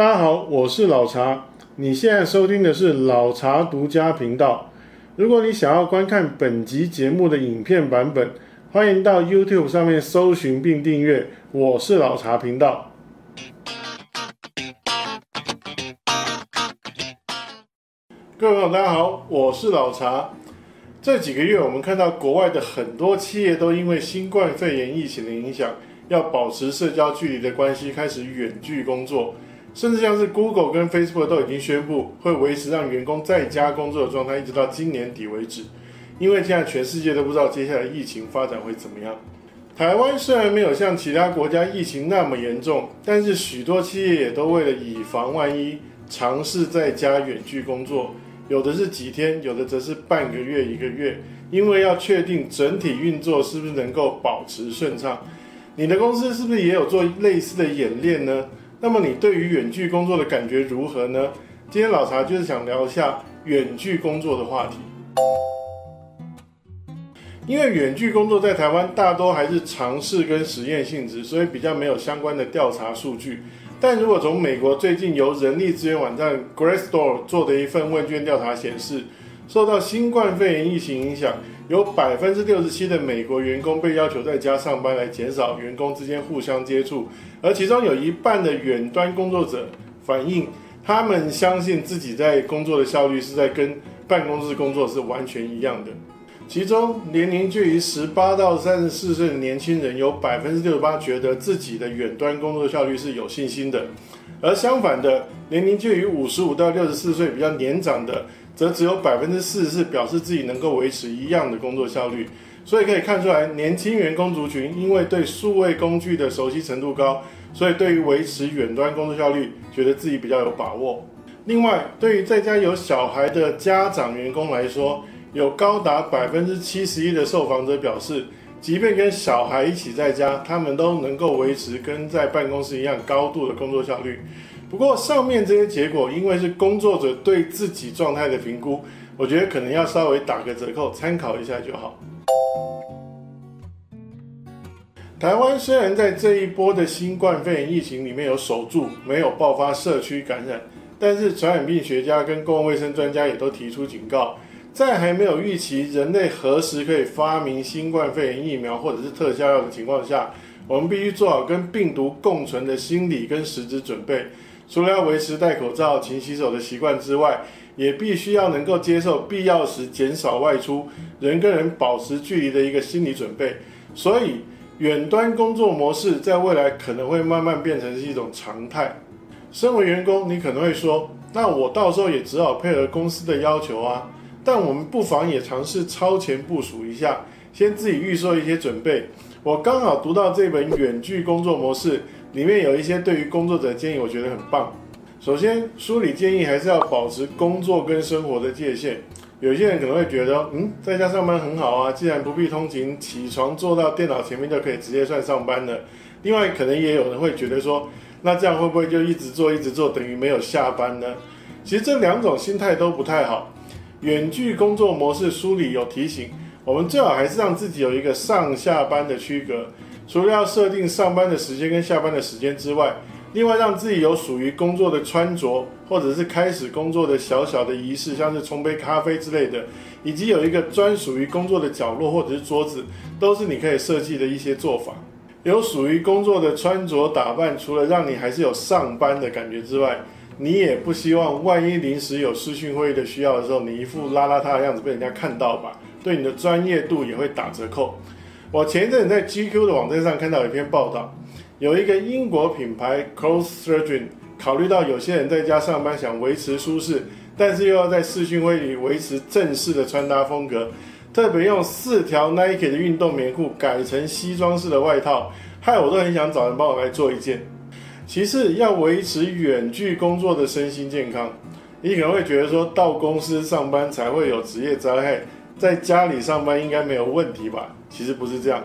大家好，我是老查。你現在收聽的是老查獨家頻道。如果你想要觀看本集節目的影片版本，歡迎到 YouTube 上面搜尋並訂閱“我是老查頻道”。各位朋友，大家好，我是老查。這幾個月，我們看到國外的很多企業都因為新冠肺炎疫情的影響，要保持社交距離的關係，開始遠距工作。甚至像是 Google 跟 Facebook 都已經宣布會維持讓員工在家工作的狀態，一直到今年底為止。因為現在全世界都不知道接下來疫情發展會怎麼樣。台灣雖然沒有像其他國家疫情那麼嚴重，但是許多企業也都為了以防萬一，嘗試在家遠距工作，有的是幾天，有的則是半個月、一個月，因為要確定整體運作是不是能夠保持順暢。你的公司是不是也有做類似的演練呢？那麼你對於遠距工作的感覺如何呢？今天老查就是想聊一下遠距工作的話題。因為遠距工作在台灣大多還是嘗試跟實驗性質，所以比較沒有相關的調查數據。但如果從美國最近由人力資源網站 Glassdoor 做的一份問卷調查顯示，受到新冠肺炎疫情影響。有百分之六十七的美國員工被要求在家上班來減少員工之間互相接觸，而其中有一半的遠端工作者反映，他們相信自己在工作的效率是在跟辦公室工作是完全一樣的。其中年齡介於十八到三十四歲的年輕人有百分之六十八覺得自己的遠端工作效率是有信心的，而相反的，年齡介於五十五到六十四歲比較年長的。則只有百分之四十四表示自己能夠維持一樣的工作效率，所以可以看出來，年輕員工族群因為對數位工具的熟悉程度高，所以對於維持遠端工作效率，覺得自己比較有把握。另外，對於在家有小孩的家長員工來說，有高達百分之七十一的受訪者表示，即便跟小孩一起在家，他們都能夠維持跟在辦公室一樣高度的工作效率。不過，上面這些結果，因為是工作者對自己狀態的評估，我覺得可能要稍微打個折扣，參考一下就好。台灣雖然在這一波的新冠肺炎疫情裡面有守住，沒有爆發社區感染，但是傳染病學家跟公共衛生專家也都提出警告，在還沒有預期人類何時可以發明新冠肺炎疫苗或者是特效藥的情況下，我們必須做好跟病毒共存的心理跟實質準備，除了要維持戴口罩、勤洗手的習慣之外，也必須要能夠接受必要時減少外出、人跟人保持距離的一個心理準備。所以，遠端工作模式在未來可能會慢慢變成是一種常態。身為員工，你可能會說：“那我到時候也只好配合公司的要求啊。”但我們不妨也嘗試超前部署一下，先自己預售一些準備。我剛好讀到這本《遠距工作模式》，裡面有一些對於工作者的建議，我覺得很棒。首先，書裡建議還是要保持工作跟生活的界限。有些人可能會覺得，嗯，在家上班很好啊，既然不必通勤，起床坐到電腦前面就可以直接算上班了。另外，可能也有人會覺得說，那這樣會不會就一直做一直做，等於沒有下班呢？其實這兩種心態都不太好。遠距工作模式書裡有提醒。我們最好還是讓自己有一個上下班的區隔，除了要設定上班的時間跟下班的時間之外，另外讓自己有屬於工作的穿着，或者是開始工作的小小的儀式，像是沖杯咖啡之類的，以及有一個專屬於工作的角落或者是桌子，都是你可以設計的一些做法。有屬於工作的穿着打扮，除了讓你還是有上班的感覺之外，你也不希望萬一臨時有視訊會議的需要的時候，你一副邋邋遢的樣子被人家看到吧。對你的專業度也會打折扣。我前一陣子在 GQ 的網站上看到有一篇報道，有一個英國品牌 Clothsurgeon 考慮到有些人在家上班想維持舒適，但是又要在視訊會裡維持正式的穿搭風格，特別用四條 Nike 的運動棉褲改成西裝式的外套，害我都很想找人幫我來做一件。其次，要維持遠距工作的身心健康，你可能會覺得說到公司上班才會有職業災害。在家裡上班應該沒有問題吧？其實不是這樣。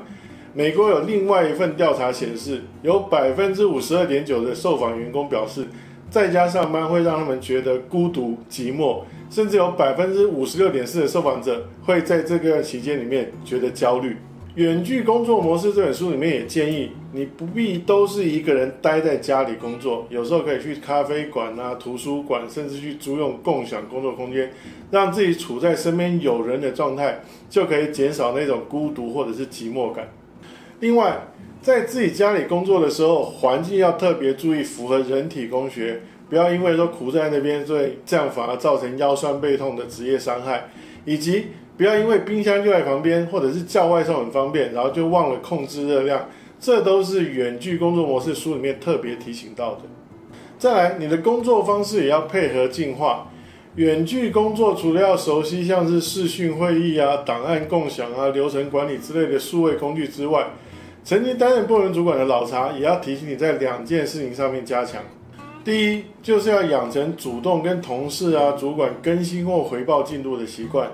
美國有另外一份調查顯示，有百分之五十二點九的受訪員工表示，在家上班會讓他們覺得孤獨、寂寞，甚至有百分之五十六點四的受訪者會在這個期間裡面覺得焦慮。《遠距工作模式》這本書裡面也建議，你不必都是一個人待在家裡工作，有時候可以去咖啡館啊、圖書館，甚至去租用共享工作空間，讓自己處在身邊有人的狀態，就可以減少那種孤獨或者是寂寞感。另外，在自己家裡工作的時候，環境要特別注意符合人體工學，不要因為說苦在那邊，所以這樣反而造成腰酸背痛的職業傷害。以及不要因為冰箱就在旁邊，或者是叫外送很方便，然後就忘了控制熱量，這都是遠距工作模式書裡面特別提醒到的。再來，你的工作方式也要配合進化。遠距工作除了要熟悉像是視訊會議啊、檔案共享啊、流程管理之類的數位工具之外，曾經擔任部門主管的老查也要提醒你在兩件事情上面加強。第一，就是要養成主動跟同事啊、主管更新或回報進度的習慣。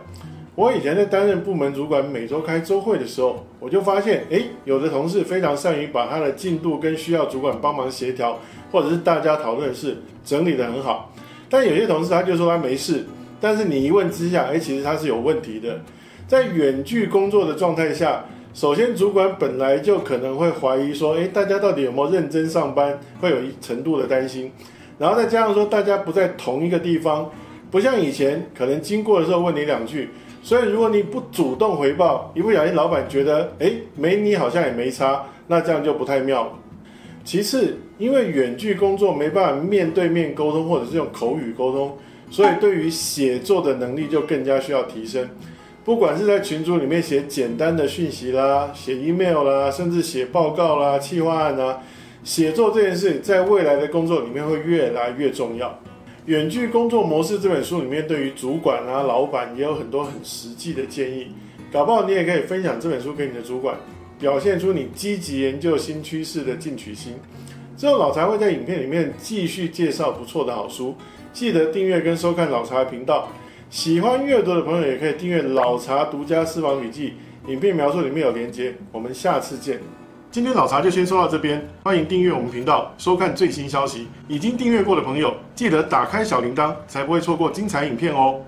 我以前在擔任部門主管，每周開周會的時候，我就發現，誒，有的同事非常善於把他的進度跟需要主管幫忙協調，或者是大家討論的事整理得很好，但有些同事他就說他沒事，但是你一問之下，誒，其實他是有問題的。在遠距工作的狀態下，首先，主管本來就可能會懷疑說：“誒，大家到底有沒有認真上班，會有一程度的擔心。”然後再加上說，大家不在同一個地方，不像以前可能經過的時候問你兩句。所以，如果你不主動回報，一不小心老闆覺得：“誒，沒你好像也沒差。”那這樣就不太妙。其次，因為遠距工作沒辦法面對面溝通，或者是用口語溝通，所以對於寫作的能力就更加需要提升。不管是在群組裡面寫簡單的訊息啦，寫 email 啦，甚至寫報告啦、企劃案啦、啊，寫作這件事在未來的工作裡面會越來越重要。《遠距工作模式》這本書裡面對於主管啊、老闆也有很多很實際的建議，搞不好你也可以分享這本書給你的主管，表現出你積極研究新趨勢的進取心。之後老查會在影片裡面繼續介紹不錯的好書，記得訂閱跟收看老查頻道。喜歡閱讀的朋友也可以訂閱老查讀家私房筆記，影片描述裡面有鏈接。我們下次見。今天老查就先說到這邊，歡迎訂閱我們頻道，收看最新消息。已經訂閱過的朋友，記得打開小鈴鐺，才不會錯過精彩影片哦。